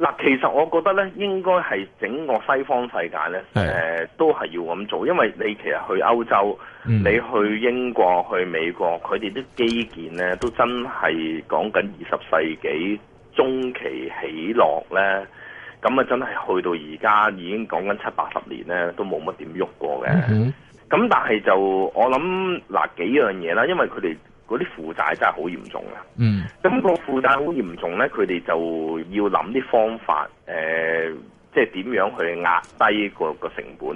嗱，其實我覺得咧，應該係整個西方世界咧，誒，都係要咁做，因為你其實去歐洲，你去英國、去美國，佢哋啲基建咧，都真係講緊二十世紀中期起落咧，咁啊，真係去到而家已經講緊七八十年咧，都冇乜點喐過嘅。咁但係就我諗，嗱幾樣嘢啦，因為佢哋。嗰啲負債真係好嚴重㗎，嗯，咁、那個負債好嚴重咧，佢哋就要諗啲方法，誒，即係點樣去壓低個,個成本。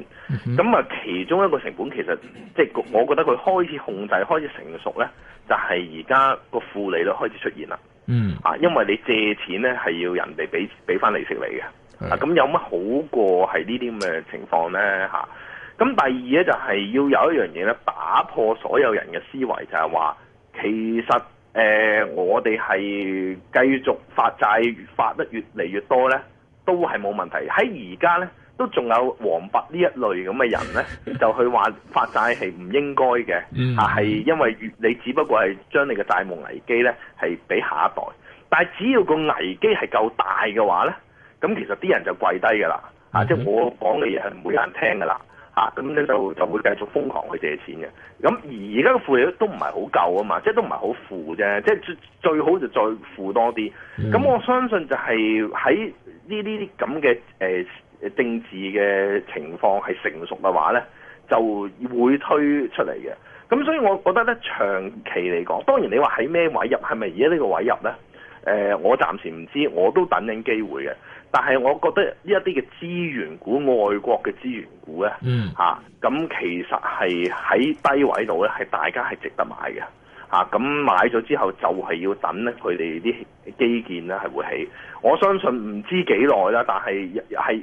咁、嗯、啊，其中一個成本其實即係、就是、我覺得佢開始控制、開始成熟咧，就係而家個負利率開始出現啦。嗯，啊，因為你借錢咧係要人哋俾俾返利息你嘅，咁、嗯、有乜好過係呢啲咁嘅情況咧？嚇，咁第二咧就係要有一樣嘢咧，打破所有人嘅思維，就係話。其實誒、呃，我哋係繼續發債，越發得越嚟越多咧，都係冇問題。喺而家咧，都仲有王弼呢一類咁嘅人咧，就去話發債係唔應該嘅， 啊，係因為你只不過係將你嘅債務危機咧，係俾下一代。但係只要個危機係夠大嘅話咧，咁其實啲人就跪低㗎啦，啊、就是，即係我講嘅嘢係唔會有人聽㗎啦。咁、啊、咧就就會繼續瘋狂去借錢嘅。咁而而家嘅負利率都唔係好夠啊嘛，即係都唔係好負啫，即係最最好就再負多啲。咁、嗯、我相信就係喺呢呢啲咁嘅誒政治嘅情況係成熟嘅話咧，就會推出嚟嘅。咁所以我覺得咧，長期嚟講，當然你話喺咩位入，係咪而家呢個位入咧、呃？我暫時唔知，我都等緊機會嘅。但係，我覺得呢一啲嘅資源股、外國嘅資源股咧，嚇、mm. 咁、啊、其實係喺低位度咧，係大家係值得買嘅。嚇、啊、咁買咗之後，就係要等咧佢哋啲基建咧係會起。我相信唔知幾耐啦，但係係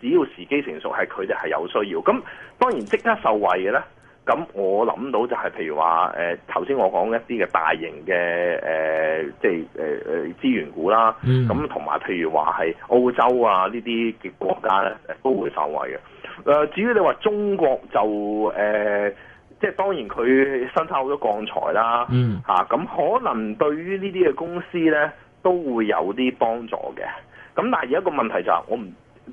只要時機成熟，係佢哋係有需要。咁當然即刻受惠嘅咧。咁我諗到就係譬如話，誒頭先我講一啲嘅大型嘅誒、呃，即係誒誒資源股啦。咁同埋譬如話係澳洲啊呢啲嘅國家咧，都會受惠嘅。誒、呃、至於你話中國就誒、呃，即係當然佢生產好多鋼材啦。嚇、mm. 咁、啊、可能對於呢啲嘅公司咧，都會有啲幫助嘅。咁但係有一個問題就係、是、我唔，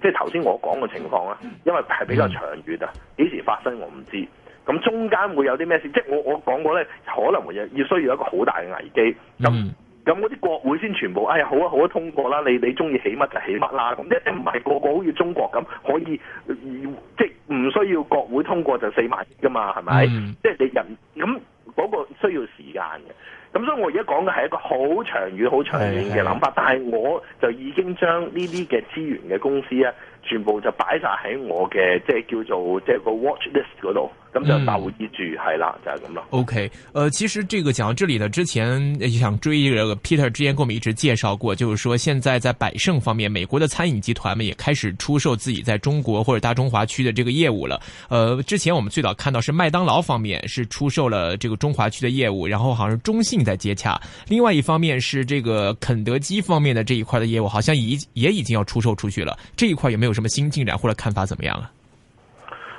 即係頭先我講嘅情況咧，因為係比較長遠啊，幾、mm. 時發生，我唔知道。咁中間會有啲咩事？即係我我講過咧，可能要需要一個好大嘅危機。咁咁嗰啲國會先全部，哎呀好啊好啊通過啦！你你中意起乜就起乜啦咁即唔係個個好似中國咁可以，即係唔需要國會通過就死埋㗎嘛？係咪、嗯？即係人咁嗰個需要時間嘅。咁所以我而家講嘅係一個好長遠、好長遠嘅諗法。但係我就已經將呢啲嘅資源嘅公司咧，全部就擺曬喺我嘅，即叫做即、個 watch list 嗰度，咁就留意住，係、嗯、啦，就係咁咯。O、okay, K，呃，其實這個講到這裡呢，之前想追一個 Peter 之前，跟我們一直介紹過，就是說現在在百勝方面，美國的餐飲集團們也開始出售自己在中國或者大中華區的這個業務了。呃，之前我們最早看到是麥當勞方面是出售了這個中華區的業務，然後好像中信在接洽。另外一方面，是這個肯德基方面的這一塊的業務，好像已也已經要出售出去了。這一塊有沒有？什麼新進展或者看法怎麼樣啊？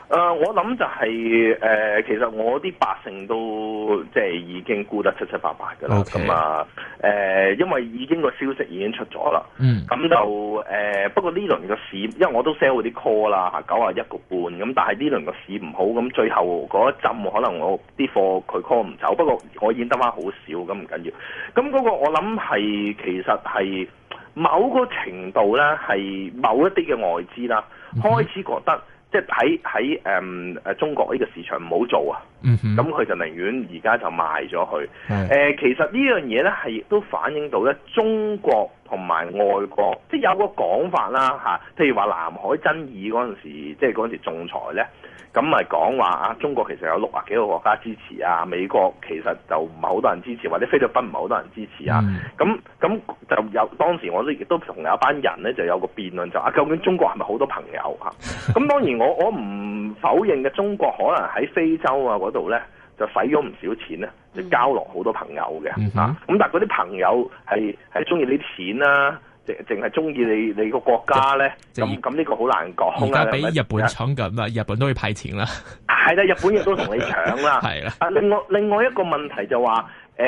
誒、呃，我諗就係、是、誒、呃，其實我啲百姓都即係已經估得七七八八噶啦。咁啊，誒，因為已經個消息已經出咗啦。嗯。咁就誒，不過呢輪個市，因為我都 sell 嗰啲 call 啦，九啊一個半。咁但係呢輪個市唔好，咁最後嗰一浸，可能我啲貨佢 call 唔走。不過我已經得翻好少，咁唔緊要。咁嗰個我諗係，其實係。某個程度咧，係某一啲嘅外資啦，開始覺得即係喺喺誒誒中國呢個市場唔好做啊！嗯，咁佢就寧願而家就賣咗佢、呃。其實呢樣嘢咧，係亦都反映到咧中國同埋外國，即係有個講法啦嚇。譬、啊、如話南海爭議嗰陣時，即係嗰陣時仲裁咧，咁咪講話啊，中國其實有六十幾個國家支持啊，美國其實就唔係好多人支持，或者菲律賓唔係好多人支持啊。咁、嗯、咁就有當時我亦都同有一班人咧就有個辯論就啊，究竟中國係咪好多朋友嚇？咁、啊、當然我我唔。 否認嘅中國可能喺非洲啊嗰度咧，就使咗唔少錢咧，就交落好多朋友嘅、嗯，啊！咁但係嗰啲朋友係係中意呢啲錢啦、啊，淨淨係中意你你個國家咧，咁咁呢個好難講啊！而家俾日本搶緊㗎，啊日本都要派錢啦，係啦，日本亦都同你搶啦，係 啦。啊，另外另外一個問題就話、是，誒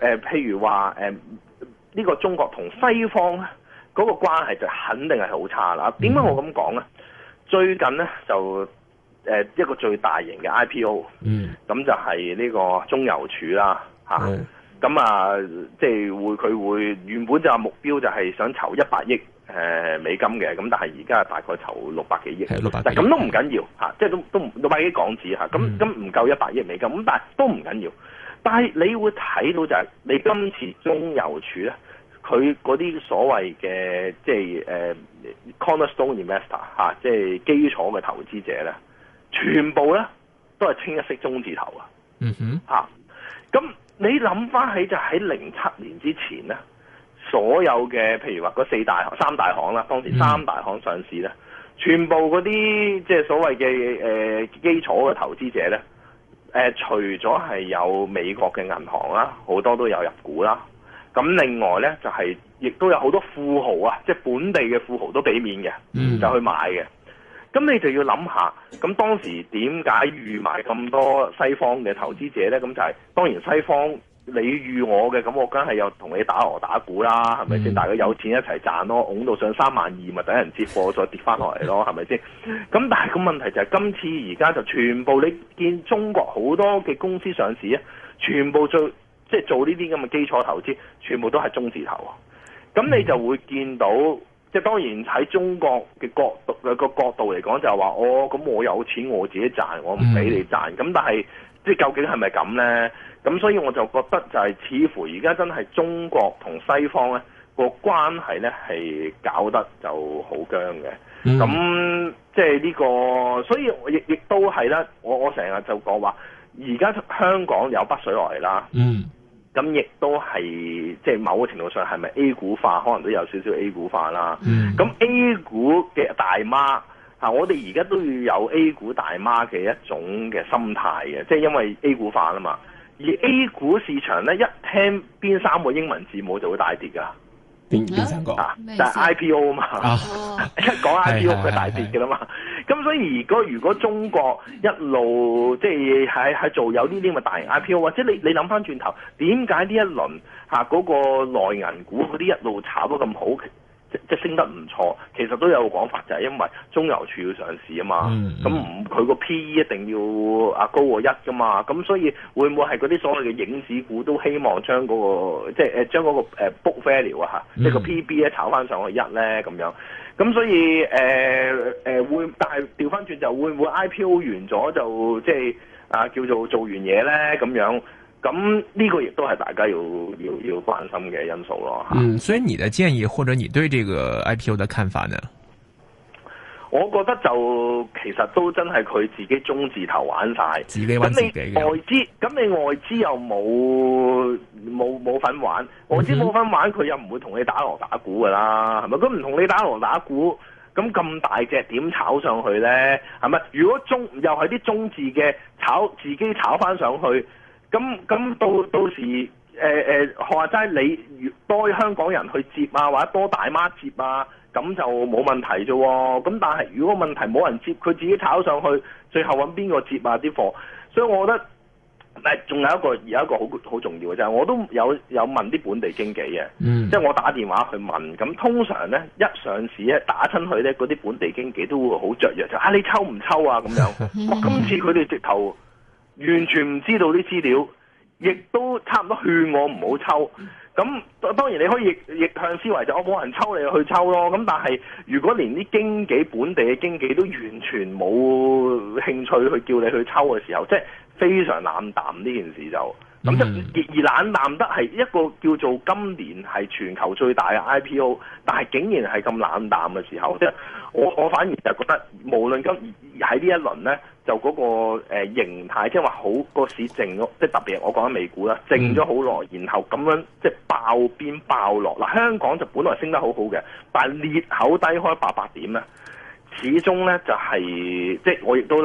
誒誒，譬如話誒，呢、呃呢個中國同西方嗰個關係就肯定係好差啦。點解我咁講啊？嗯。最近咧就誒、呃、一個最大型嘅 IPO，嗯，咁就係呢個中郵儲啦，嚇、啊，咁、嗯、啊，即係會佢會原本就目標就係想籌一百億誒、呃、美金嘅，咁但係而家大概籌六百幾億，係六百幾億，咁都唔緊要嚇、嗯，即係都都六百幾億港紙嚇，咁咁唔夠一百億美金，咁但係都唔緊要，但係你會睇到就係、是、你今次中郵儲啊。佢嗰啲所謂嘅即係誒 Cornerstone Investor 嚇，即係、呃啊、基礎嘅投資者咧，全部咧都係清一色中字頭、mm -hmm. 啊！嗯哼嚇，咁你諗翻起就喺零七年之前咧，所有嘅譬如話個四大行、三大行啦，當時三大行上市咧，mm -hmm. 全部嗰啲即係所謂嘅誒、呃、基礎嘅投資者咧、呃，除咗係有美國嘅銀行啦，好多都有入股啦。咁另外呢，就係，亦都有好多富豪啊，即係本地嘅富豪都俾面嘅、嗯，就去買嘅。咁你就要諗下，咁當時點解預埋咁多西方嘅投資者呢？咁就係當然西方你預我嘅，咁我梗係又同你打鑼打鼓啦，係咪先？大家有錢一齊賺咯，㧬到上三萬二，咪等人接貨再跌翻落嚟咯，係咪先？咁但係個問題就係今次而家就全部你見中國好多嘅公司上市啊，全部最即係做呢啲咁嘅基礎投資，全部都係中字頭啊！咁你就會見到，即係當然喺中國嘅角度個角度嚟講，就係話哦，咁我有錢我自己賺，我唔俾你賺。咁但係即係究竟係咪咁呢？咁所以我就覺得就係似乎而家真係中國同西方呢個關係呢係搞得就好僵嘅。咁即係呢個，所以我亦亦都係啦。我我成日就講話，而家香港有北水落嚟啦。嗯。咁亦都係即係某個程度上係咪 A 股化，可能都有少少 A 股化啦。咁、嗯、A 股嘅大媽我哋而家都要有 A 股大媽嘅一種嘅心態嘅，即係因為 A 股化啊嘛。而 A 股市場咧，一聽邊三個英文字母就會大跌噶。邊三個？但、啊、係 IPO 啊嘛，啊一講 IPO 佢大跌嘅啦嘛。咁、啊、所以如果如果中國一路即係喺喺做有呢啲咁嘅大型 IPO，或者你你諗翻轉頭，點解呢一輪吓嗰個內銀股嗰啲一路炒得咁好？即即升得唔錯，其實都有個講法就係、是、因為中油處要上市啊嘛，咁唔佢個 P E 一定要啊高過一㗎嘛，咁所以會唔會係嗰啲所謂嘅影子股都希望將嗰、那個即係誒將嗰個 book value 啊、嗯、嚇，即係個 P B 咧炒翻上去一咧咁樣，咁所以誒誒、呃、會，但係調翻轉就會唔會 I P O 完咗就即係啊叫做做完嘢咧咁樣。咁呢個亦都係大家要要要關心嘅因素咯。嗯，所以你嘅建議或者你對這個 IPO 嘅看法呢？我覺得就其實都真係佢自己中字頭玩晒，自己玩自己嘅。外資，咁你外資又冇冇冇份玩，外資冇份玩，佢、嗯、又唔會同你打鑼打鼓噶啦，係咪？咁唔同你打鑼打鼓，咁咁大隻點炒上去呢？係咪？如果中又係啲中字嘅炒，自己炒翻上去。咁咁到到時，誒、呃、誒，話、呃、齋你越多香港人去接啊，或者多大媽接啊，咁就冇問題啫喎、啊。咁但係如果問題冇人接，佢自己炒上去，最後揾邊個接啊啲貨？所以我覺得，仲、呃、有一個有一個好好重要嘅就係我都有有問啲本地經紀嘅，即、嗯、係、就是、我打電話去問。咁通常呢，一上市咧打親佢呢，嗰啲本地經紀都會好著約雀躍就啊，你抽唔抽啊咁樣、嗯？今次佢哋直頭。完全唔知道啲資料，亦都差唔多勸我唔好抽。咁當然你可以逆，逆向思維，就是，就我冇人抽你去抽咯。咁但係如果連啲經紀本地嘅經紀都完全冇興趣去叫你去抽嘅時候，即係非常冷淡呢件事就咁。即 mm -hmm. 而冷淡得係一個叫做今年係全球最大嘅 IPO，但係竟然係咁冷淡嘅時候，即係我我反而就覺得無論今喺呢一輪呢。就嗰、那個、呃、形態，即係話好、那個市靜咗，即係特別係我講緊美股啦，靜咗好耐，然後咁樣即係爆邊爆落。嗱，香港就本來升得好好嘅，但係裂口低開八百點咧，始終咧就係、是、即係我亦都。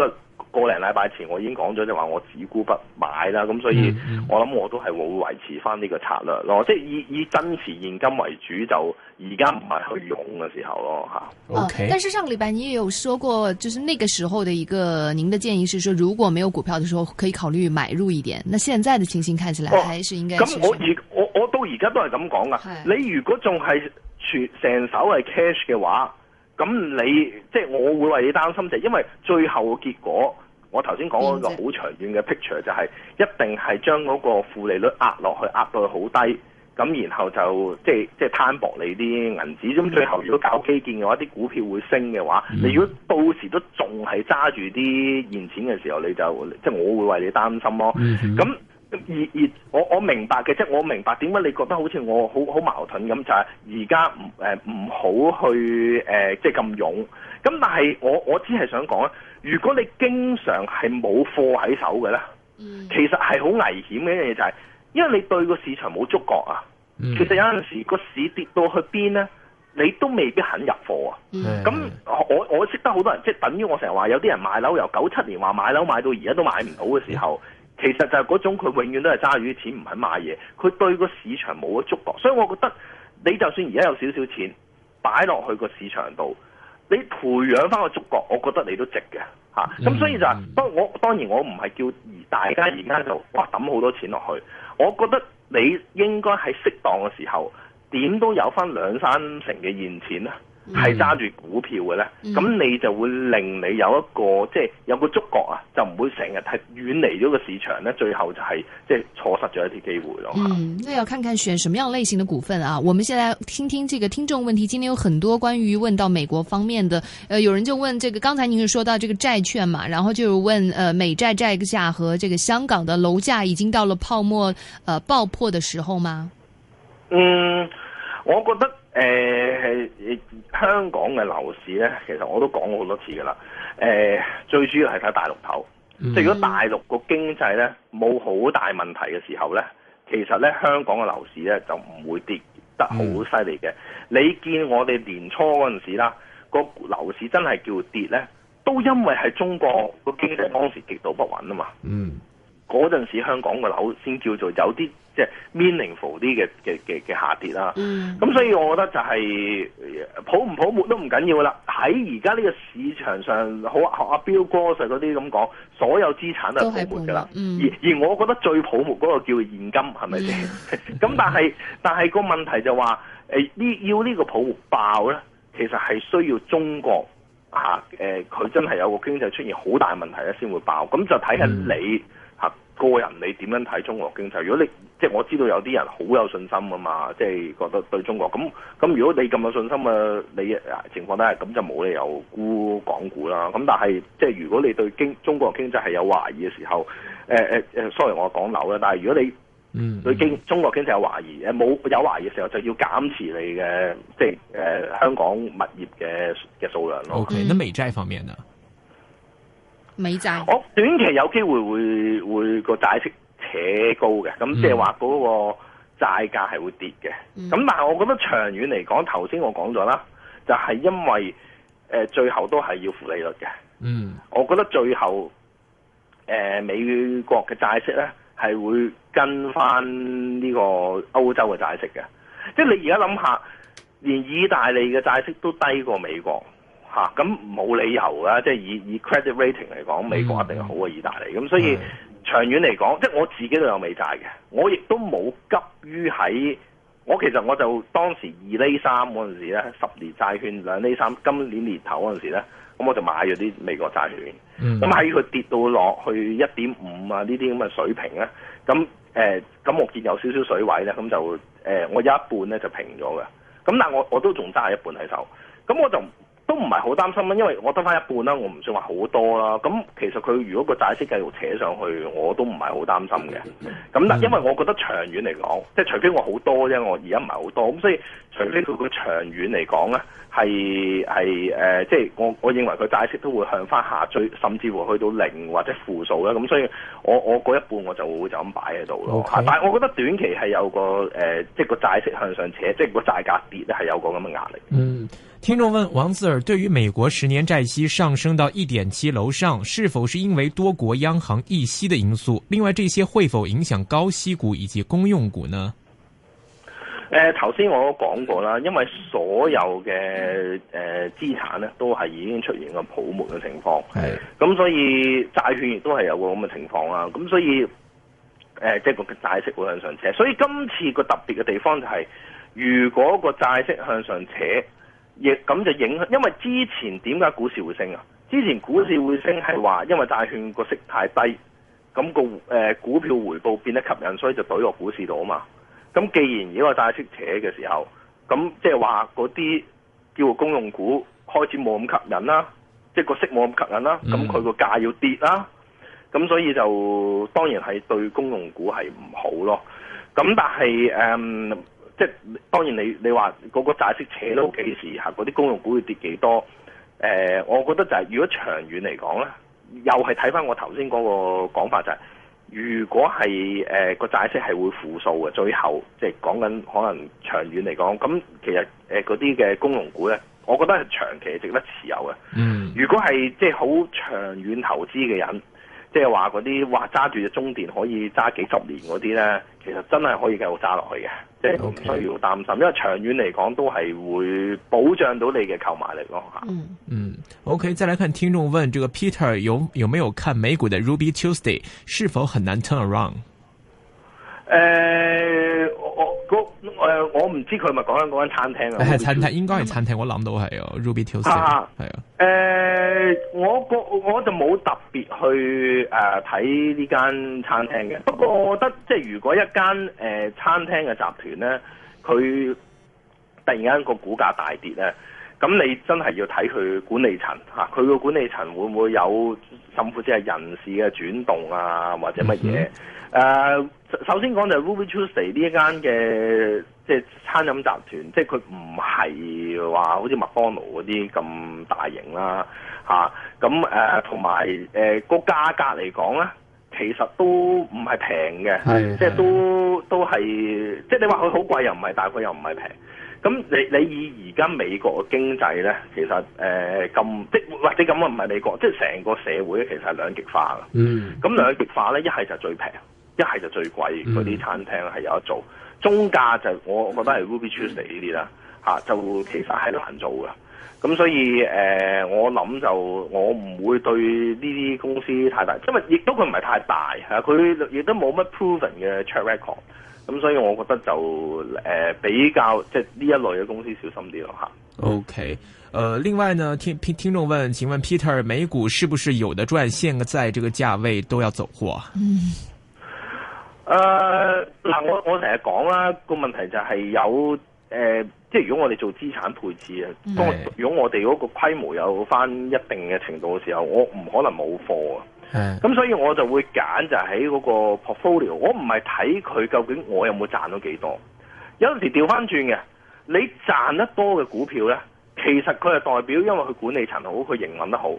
個零禮拜前我已經講咗就話我只沽不買啦，咁所以我諗我都係會維持翻呢個策略咯，即係以以增持現金為主，就而家唔係去用嘅時候咯吓、okay. 啊。但是上個禮拜你有說過，就是那個時候的一個您的建議是說，如果沒有股票嘅時候，可以考慮買入一點。那現在的情形看起來，還是應該咁、啊、我而我我到而家都係咁講噶。你如果仲係全成手係 cash 嘅話，咁你即係我會為你擔心就因為最後嘅結果。我頭先講嗰個好長遠嘅 picture 就係一定係將嗰個負利率壓落去，壓到好低，咁然後就即係即係攤薄你啲銀紙。咁最後如果搞基建嘅話，啲股票會升嘅話，嗯，你如果到時都仲係揸住啲現錢嘅時候，你就即係我會為你擔心咯，哦。咁、嗯、而而我我明白嘅，即係我明白點解你覺得好似我好好矛盾咁，就係而家誒唔好去誒，呃、即係咁勇。咁但係我我只係想講咧。如果你經常係冇貨喺手嘅咧，其實係好危險嘅一樣嘢，就係因為你對個市場冇觸覺啊、嗯。其實有陣時個市跌到去邊呢，你都未必肯入貨啊。咁、嗯、我我識得好多人，即係等於我成日話有啲人買樓，由九七年話買樓買到而家都買唔到嘅時候、嗯，其實就係嗰種佢永遠都係揸住啲錢唔肯買嘢，佢對個市場冇咗觸覺。所以我覺得你就算而家有少少錢擺落去個市場度。你培養翻個觸角我覺得你都值嘅吓，咁、嗯、所以就係、是，不我當然我唔係叫而大家而家就哇抌好多錢落去，我覺得你應該喺適當嘅時候，點都有翻兩三成嘅現錢啦。係揸住股票嘅呢，咁你就會令你有一個即係有個觸角啊，就唔、是、會成日係遠離咗個市場呢，最後就係即係錯失咗一啲機會咯。嗯，那要看看選什麼樣類型嘅股份啊？我們先來聽聽這個聽眾問題。今天有很多關於問到美國方面的，呃，有人就問這個，剛才您是說到這個債券嘛，然後就問，呃，美債債價和這個香港的樓價已經到了泡沫，呃，爆破的時候嗎？嗯，我覺得。誒、呃，香港嘅樓市咧，其實我都講咗好多次噶啦。誒、呃，最主要係睇大陸頭，即係，Mm-hmm. 如果大陸個經濟咧冇好大問題嘅時候咧，其實咧香港嘅樓市咧就唔會跌得好犀利嘅。Mm-hmm. 你見我哋年初嗰陣時啦，個樓市真係叫跌咧，都因為係中國個經濟當時極度不穩啊嘛。嗯、Mm-hmm。嗰陣時香港嘅樓先叫做有啲即係 meaningful 啲嘅嘅嘅嘅下跌啦。咁、嗯、所以我覺得就係泡唔泡沫都唔緊要啦。喺而家呢個市場上，好阿阿彪哥就嗰啲咁講，所有資產都係泡沫㗎啦、嗯。而而我覺得最泡沫嗰個叫現金，係咪先？咁、嗯、 但係但係個問題就話呢、呃、要呢個泡沫爆咧，其實係需要中國嚇佢、啊呃、真係有個經濟出現好大問題咧，先會爆。咁就睇下你，嗯個人你點樣睇中國經濟？如果你即係我知道有啲人好有信心啊嘛，即、就、係、是、覺得對中國咁咁，那那如果你咁有信心啊，你情況都係咁就冇理由沽港股啦。咁但係即係如果你對經中國經濟係有懷疑嘅時候，誒誒誒，雖、呃、然我講樓啦，但係如果你對經中國經濟有懷疑，誒冇有，有懷疑嘅時候就要減持你嘅即係誒、呃、香港物業嘅嘅數量咯。O、okay, K，那美債方面呢？美債，我短期有機會會會個債息扯高嘅，咁即係話嗰個債價係會跌嘅。咁、嗯、但係我覺得長遠嚟講，頭先我講咗啦，就係、是、因為誒、呃、最後都係要負利率嘅。嗯，我覺得最後誒、呃、美國嘅債息咧係會跟翻呢個歐洲嘅債息嘅，即係你而家諗下，連意大利嘅債息都低過美國。啊，咁冇理由啦！即係以以 credit rating 嚟講，美國一定係好過意大利。咁、嗯、所以長遠嚟講，即係我自己都有美債嘅，我亦都冇急於喺我其實我就當時二厘三嗰陣時咧，十年債券兩厘三，今年年頭嗰陣時咧，咁我就買咗啲美國債券。咁喺佢跌到落去一點五啊呢啲咁嘅水平咧，咁誒咁我見有少少水位咧，咁就、呃、我有一半咧就平咗嘅，咁但係我我都仲揸一半喺手，咁我就。都唔係好擔心啦，因為我得返一半啦，我唔算話好多啦。咁其實佢如果個債息繼續扯上去，我都唔係好擔心嘅。咁但因為我覺得長遠嚟講，即係除非我好多啫，我而家唔係好多，咁所以。就呢個個長遠嚟講呢係係誒，即係我我認為佢債息都會向翻下追，甚至乎去到零或者負數咧。咁、嗯、所以我，我我嗰一半我就會就咁擺喺度咯。Okay. 但係我覺得短期係有個誒、呃，即係個債息向上扯，即係個債價跌咧，係有個咁嘅壓力。嗯，聽眾問王自爾：對於美國十年債息上升到一點七樓上，是否是因為多國央行議息嘅因素？另外，這些會否影響高息股以及公用股呢？誒頭先我都講過啦，因為所有嘅誒、呃、資產咧都係已經出現個泡沫嘅情況，咁所以債券亦都係有個咁嘅情況啦，咁所以誒即係個債息會向上扯，所以今次個特別嘅地方就係、是、如果個債息向上扯，亦咁就影響，因為之前點解股市會升啊？之前股市會升係話因為債券個息太低，咁、那個、呃、股票回報變得吸引，所以就倒落個股市度啊嘛。咁既然如果債息扯嘅時候，咁即係話嗰啲叫做公用股開始冇咁吸引啦，即係個息冇咁吸引啦，咁佢個價要跌啦，咁所以就當然係對公用股係唔好咯。咁但係誒即係當然你你話嗰個債息扯到幾時吓嗰啲公用股會跌幾多？誒、呃、我覺得就係如果長遠嚟講咧，又係睇翻我頭先嗰個講法就係、是。如果係誒個債息係會負數嘅，最後即係講緊可能長遠嚟講，咁其實誒嗰啲嘅工農股咧，我覺得係長期值得持有嘅。嗯，如果係即係好長遠投資嘅人。即係話嗰啲話揸住隻中電可以揸幾十年嗰啲咧，其實真係可以繼續揸落去嘅，即係唔需要擔心，因為長遠嚟講都係會保障到你嘅購買力咯吓。嗯 o、okay, k 再嚟看聽眾問，這個 Peter 有有沒有看美股的 Ruby Tuesday 是否很難 turn around？誒、呃，我我，嗯誒，我唔知佢咪講緊嗰間餐廳啊？係餐廳，應該係餐廳，我諗到係 Ruby Toast。係啊，誒，我個我就冇特別去誒睇呢間餐廳嘅。不過我覺得，即係如果一間誒、呃、餐廳嘅集團咧，佢突然間個股價大跌咧，咁你真係要睇佢管理層吓，佢、呃、個管理層會唔會有甚至係人事嘅轉動啊，或者乜嘢誒？嗯首先講就係 Ruby Tuesday 呢間嘅即係餐飲集團，即係佢唔係話好似麥當勞嗰啲咁大型啦，嚇咁誒同埋誒個價格嚟講咧，其實都唔係平嘅，即係都都係即係你話佢好貴又唔係，但係佢又唔係平。咁你你以而家美國嘅經濟咧，其實誒咁、呃、即係或者咁啊，唔係美國，即係成個社會其實係兩極化嘅。咁、嗯、兩極化咧，一係就最平。一係就最貴嗰啲餐廳係有得做，嗯、中價就我覺得係 Ruby Tuesday 呢啲啦吓，就其實係難做嘅。咁所以誒、呃，我諗就我唔會對呢啲公司太大，因為亦都佢唔係太大，佢、啊、亦都冇乜 proven 嘅 track record、啊。咁所以，我覺得就誒、呃、比較即係呢一類嘅公司小心啲咯吓 OK，誒、呃、另外呢，聽聽聽眾問：請問 Peter，美股是不是有得賺？現在這個價位都要走貨？嗯誒，嗱，我我成日講啦，個問題就係有誒、呃，即係如果我哋做資產配置啊，如果我哋嗰個規模有翻一定嘅程度嘅時候，我唔可能冇貨啊。咁所以我就會揀就喺嗰個 portfolio，我唔係睇佢究竟我有冇賺到幾多。有陣時調翻轉嘅，你賺得多嘅股票呢，其實佢係代表因為佢管理層好，佢營運得好，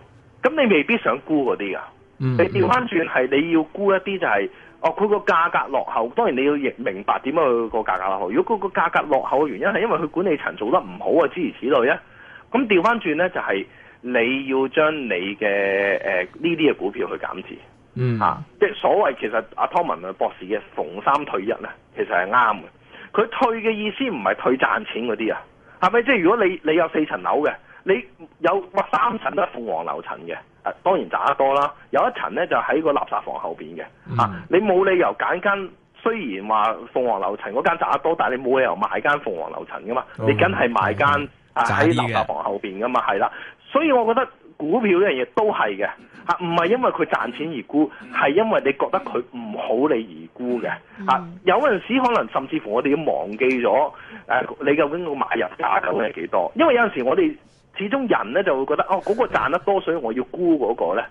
咁你未必想沽嗰啲噶。嗯嗯你調翻轉係你要沽一啲就係、是。哦，佢個價格落後，當然你要亦明白點解佢個價格落後。如果佢個價格落後嘅原因係因為佢管理層做得唔好啊，諸如此類啊。咁調翻轉咧，就係你要將你嘅誒呢啲嘅股票去減持，嗯吓，即係所謂其實阿湯文嘅博士嘅逢三退一咧，其實係啱嘅。佢退嘅意思唔係退賺錢嗰啲啊，係咪？即係如果你你有四層樓嘅。你有三層都係鳳凰樓層嘅，啊當然賺得多啦。有一層咧就喺、是、個垃圾房後邊嘅，啊你冇理由揀間雖然話鳳凰樓層嗰間賺得多，但係你冇理由買一間鳳凰樓層噶嘛，嗯、你梗係買一間、嗯、啊喺垃圾房後邊噶嘛，係啦。所以我覺得股票呢樣嘢都係嘅，嚇唔係因為佢賺錢而沽，係因為你覺得佢唔好你而沽嘅，嚇、啊嗯啊、有陣時可能甚至乎我哋要忘記咗誒、啊、你究竟個買入價究竟係幾多，因為有陣時我哋。始終人咧就會覺得哦嗰、那個賺得多，所以我要沽嗰個咧。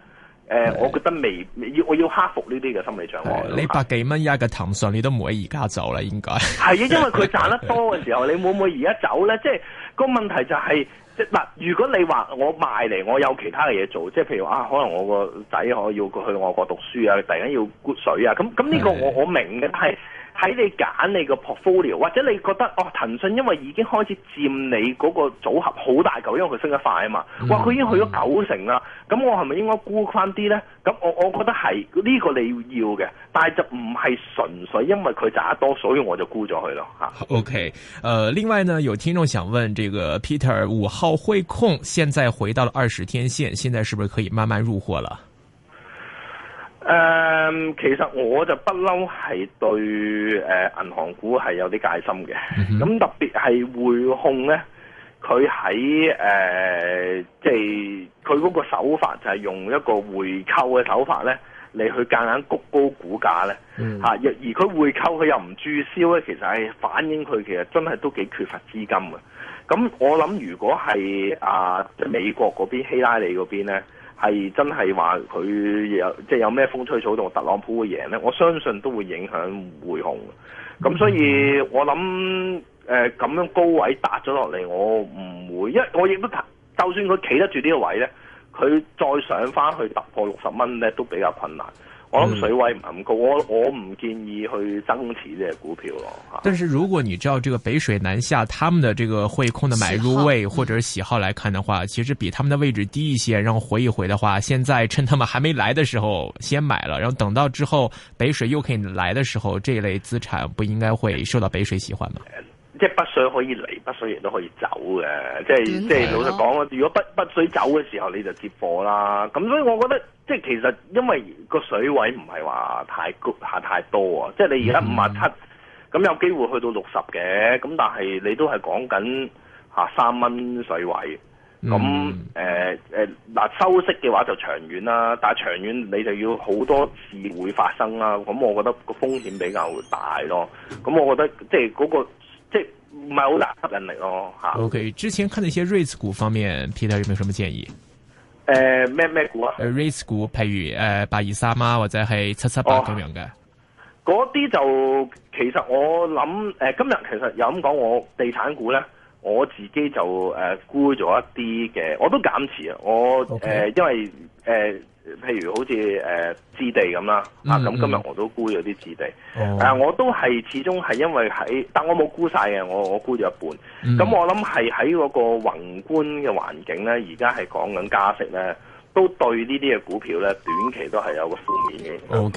誒、呃，我覺得未要，我要克服呢啲嘅心理障礙。你百幾蚊一嘅騰訊，你都唔會而家走啦，應該。係啊，因為佢賺得多嘅時候， 你會唔會而家走咧？即係個問題就係、是，嗱，如果你話我賣嚟，我有其他嘅嘢做，即係譬如啊，可能我個仔我要去外國讀書啊，突然間要沽水啊，咁咁呢個我好明嘅，但係。睇你揀你個 portfolio，或者你覺得哦騰訊因為已經開始佔你嗰個組合好大嚿，因為佢升得快啊嘛，哇佢已經去咗九成啦，咁、嗯、我係咪應該沽翻啲咧？咁我我覺得係呢、這個你要嘅，但係就唔係純粹因為佢賺得多，所以我就沽咗佢咯嚇。OK，呃，另外呢有聽眾想問，這個 Peter 五號匯控，現在回到了二十天線，現在是不是可以慢慢入貨了？誒、um，其實我就不嬲係對誒、呃、銀行股係有啲戒心嘅。咁、mm -hmm. 啊、特別係匯控咧，佢喺誒，即係佢嗰個手法就係用一個回購嘅手法咧，嚟去夾硬谷高股價咧。嚇、mm -hmm. 啊！而佢回購佢又唔註銷咧，其實係反映佢其實真係都幾缺乏資金嘅。咁我諗如果係啊，美國嗰邊希拉里嗰邊咧。係真係話佢有即、係、有咩風吹草動，特朗普會贏呢？我相信都會影響匯控。咁所以我，我諗咁樣高位達咗落嚟，我唔會，因為我亦都就算佢企得住呢個位呢，佢再上返去突破六十蚊呢都比較困難。我諗水位唔係咁高，嗯、我我唔建議去增持隻股票咯。但是如果你知道這個北水南下，他們的這個匯控的買入位或者喜好來看的話，其實比他們的位置低一些，然後回一回的話，現在趁他們還沒來的時候先買了，然後等到之後北水又可以來的時候，這一類資產不應該會受到北水喜歡嗎？嗯、即係北水可以嚟，北水亦都可以走嘅。即係、嗯、即係老實講，如果北北水走嘅時候，你就接貨啦。咁所以我覺得。即係其實因為個水位唔係話太高下太多啊！即係你而家五十七，咁有機會去到六十嘅，咁但係你都係講緊嚇三蚊水位。咁誒誒，嗱、呃呃、收息嘅話就長遠啦，但係長遠你就要好多事會發生啦。咁我覺得個風險比較大咯。咁我覺得即係嗰、那個即係唔係好大吸引力咯。嚇。O K，之前看那些瑞斯股方面，Peter 有冇有什麼建議？誒、呃，咩咩股啊？誒、uh，race 股，譬如誒八二三啊，或者係七七八咁、oh. 樣嘅。嗰啲就其實我諗，誒、呃、今日其實有咁講，我地產股咧。我自己就誒、呃、沽咗一啲嘅，我都減持啊。我誒、okay. 呃、因為誒、呃，譬如好似誒置地咁啦，mm -hmm. 啊咁今日我都沽咗啲置地、oh. 啊，我都係始終係因為喺，但我冇沽晒嘅，我我沽咗一半。咁、mm -hmm. 我諗係喺個宏觀嘅環境咧，而家係講緊加息咧，都對呢啲嘅股票咧短期都係有個負面嘅。Okay.